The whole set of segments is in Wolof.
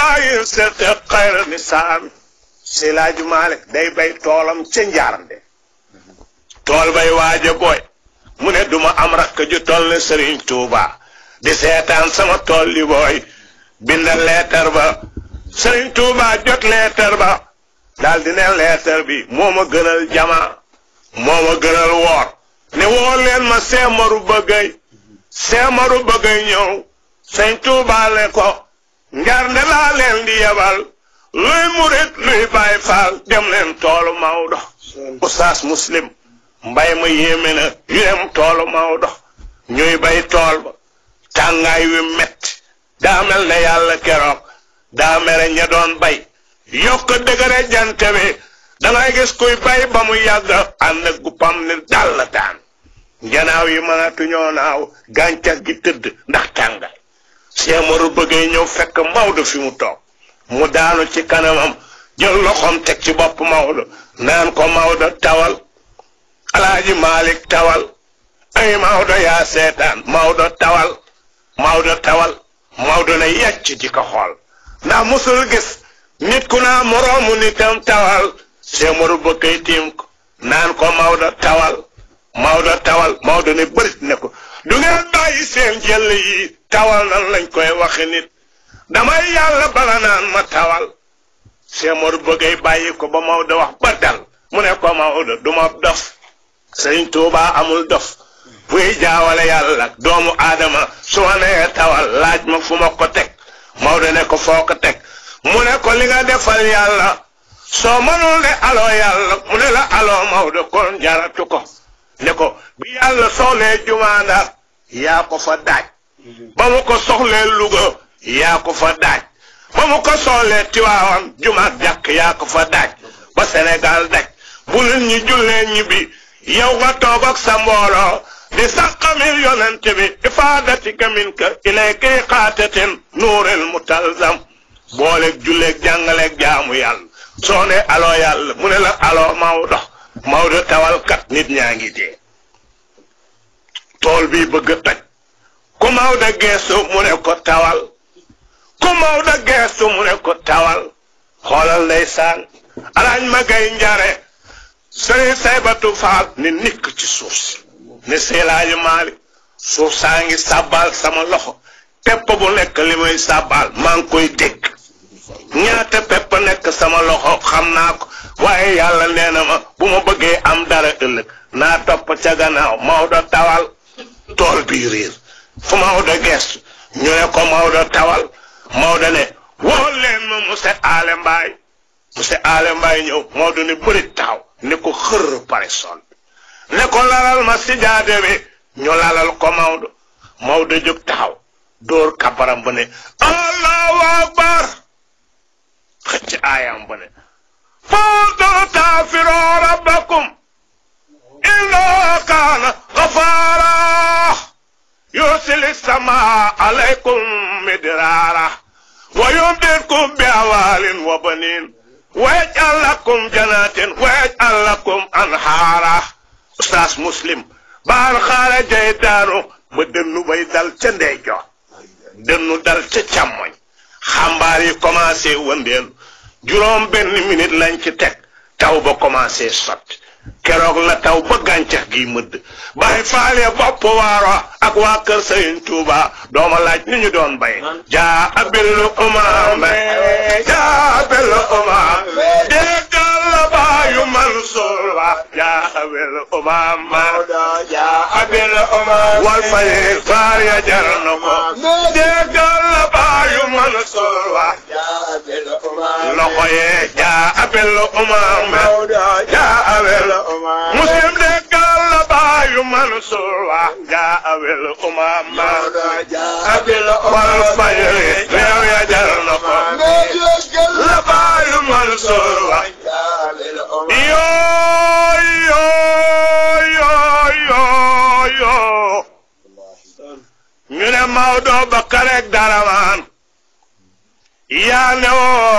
bàyyi seet xayra ni saami si laaju day bay toolam ca tool bay waaja booy mu ne duma am rakk ju toll ne Sëriñ Tuuba di seetaan sama tool li booy binda leetar ba Sëriñ Tuuba jot leetar ba daal di ne leetar bi moo ma gënal jamaa moo ma woor ne woor leen ma seemaru bëggay seemaru bëggay ñëw Sëriñ Tuuba le ko njarnde laa leen di yebal luy murit luy Baay Faal dem leen toolu Maodo Oustaz Muslim mbay ma yéeme na ñu dem toolu ñuy bay tool ba tàngaay wi metti daa mel ne yàlla keroog daa mere ña doon bay yokk dëgëre jante bi dangay gis kuy bay ba mu yàgg ànd ak guppam ni dàll daan njanaaw yi mënatuñoo naaw gàncax gi tëdd ndax tàngaay Cheikh Modou bëggee ñëw fekk Maodo fi mu toog mu daanu ci kanamam jël loxoom teg ci bopp Maodo naan ko Maodo tawal alaaji Malick tawal ay Maodo yaa seetaan Maodo tawal Maodo tawal Maodo na yàcc ci ko xool ndax musul gis nit ku naa moroomu nitam tawal Cheikh Modou bëggee tiim ko naan ko Maodo tawal Maodo tawal Maodo ne bërit ne du ngeen bàyyi seen jël yi tawal nan lañ koy wax nit damay yàlla bala naan ma tawal seemor bëggay bàyyi ko ba da wax ba dal mu ne ko du ma dof sëriñ Tuubaa amul dof buy jaawale yàlla doomu aadama su ma tawal laaj ma fu ma ko teg da ne ko foo ko teg mu ne ko li nga defal yàlla soo manul ne aloo yàlla mu ne la aloo da kon jaratu ko ne ko bi yàlla soxlee jumaana yaa fa daaj ba mu ko soxlee Louga yaa ko fa daaj ba mu ko soxlee Tiwaawan jumaat jàkk fa daaj ba Sénégal daj bu leen ñi jullee ñibbi yow nga toog ak sa mbooloo di sàqamil yonent bi ifaadatika min ka ilay kay xaatatin nuurel mutalzam booleeg julleeg jàngaleeg jaamu yàlla soo ne aloo mu ne la aloo Maodo Maodo tawalkat nit ñaa ngi dee tool bi bëgg a toj ku Maodo geestu mu ne tawal ku Maodo geestu mu ne ko tawal xoolal ndeysaan alañ ma gay njare sëriñ saybatu faal ni nikk ci suuf si ni seelaaji maali suuf saa ngi sabal sama loxo pepp bu nekk li sabal maa ngi koy dégg ñaata pepp nekk sama loxo xam naa ko waaye yàlla nee na ma bu ma bëggee am dara ëllëg naa topp ca gannaaw Maodo tawal tool bii riir fu Maodo gestu ñu ne ko Maodo tawal Maodo ne woo leen ma monsieur Allé Mbaye monsieur Allé Mbaye ñëw Maodo ne bëri taw ne ko xër pare sol ne ko lalal ma si jaade bi ñu lalal ko Maodo Maodo jóg taxaw dóor kabaram ba ne allahu xëcc aayam استغفروا ربكم إنه كان غفارا يرسل السماء عليكم مدرارا ويمددكم بأموال وبنين ويجعل لكم جنات ويجعل لكم أنهارا أستاذ مسلم بار خارج دارو مدنو بيدال تنديجو دنو دال تشاموي xambaar yi commencé wëndeel juróom benn minute lañ ci teg taw ba commencé sotti keroog la taw ba gàncax gi mëdd bàyyi faale bopp waaro ak waa kër Sëriñ Tuuba dooma laaj ni ñu doon bay jaa abilu umaame jaa abilu umaame déggal la baayu Mansuur wa jaa abilu umaame jaa abilu umaame wal faye faar ya jar na ko déggal la baayu Mansuur wa xoyee yaa abel umam yaa abel umam muslim déggal la baayu Mansour wa yaa abel umam wal fayri réew ya jar na ko la baayu Mansour wa yoo yoo yoo yoo yoo ñu ne Maodo ba kareeg daramaan yaa ne woo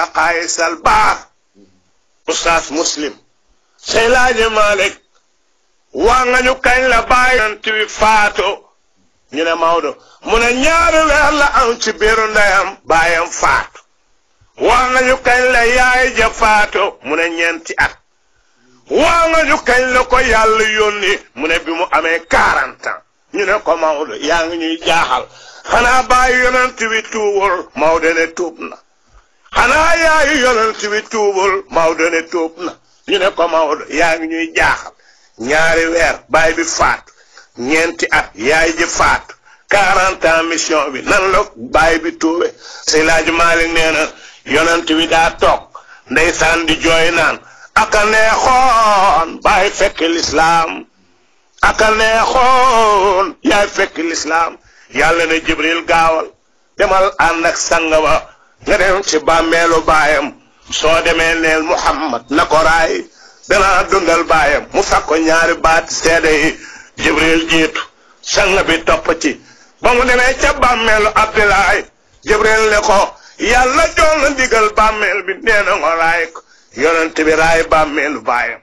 yaa qaayisal baar oustaz muslim sey laaji malik waa nga ñu kañ la bàyyi yonent faato ñu ne Maodo mu ne ñaari weer la am ci biiru ndeyam bàyyam faatu waa nga ñu kañ la yaay ja faato mu ne ñeenti at waa nga ñu kañ la ko yàlla yónni mu ne bi mu amee quarante ans ñu ne ko Maodo yaa ngi ñuy jaaxal xanaa bàyyi yonent bi tuubul Maodo ne tuub na xanaa yaayu yonent bi tuubul Maodo ne tuub na ñu ne ko Maodo yaa ngi ñuy jaaxal ñaari weer baay bi faatu ñeenti at yaay ji faatu quarante ans mission bi nan la baay bi tuube si laaj Maalik nee na yonent bi daa toog ndeysaan di jooy naan aka neexoon baay fekk lislaam aka neexoon yaay fekk lislaam yàlla ne Jibril gaawal demal ànd ak sang nga dem ci bàmmeelu baayam soo demee neel Muhammad na ko de danaa dundal baayam mu fekk ñaari baat seede yi Jibril jiitu sang bi topp ci ba mu demee ca bàmmeelu Abdoulaye Jibril ne ko yàlla joon na ndigal bàmmeel bi nee na nga raay ko yonent bi raay bàmmeelu baayam